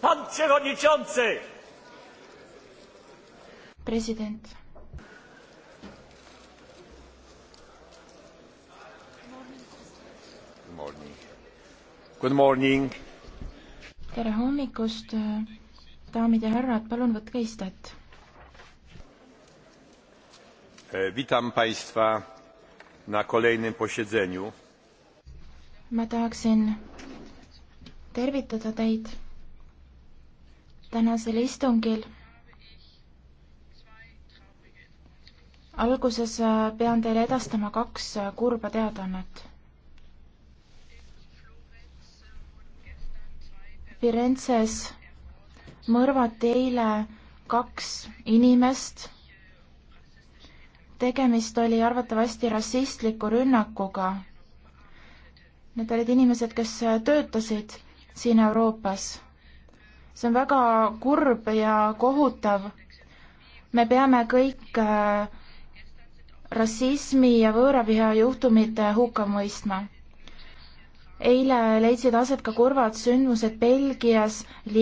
Pan przewodniczący! Prezydent. Good morning. tere hommikust, äh, daamid ja härrad, palun võtke istet. E, witam Państwa na kolejnym posiedzeniu. ma tahaksin tervitada teid tänasel istungil. alguses äh, pean teile edastama kaks äh, kurba teadaannet. Firenzes mõrvati eile kaks inimest. tegemist oli arvatavasti rassistliku rünnakuga. Need olid inimesed, kes äh, töötasid siin Euroopas see on väga kurb ja kohutav. me peame kõik äh, rassismi ja võõraviha juhtumid hukka mõistma. eile leidsid aset ka kurvad sündmused Belgias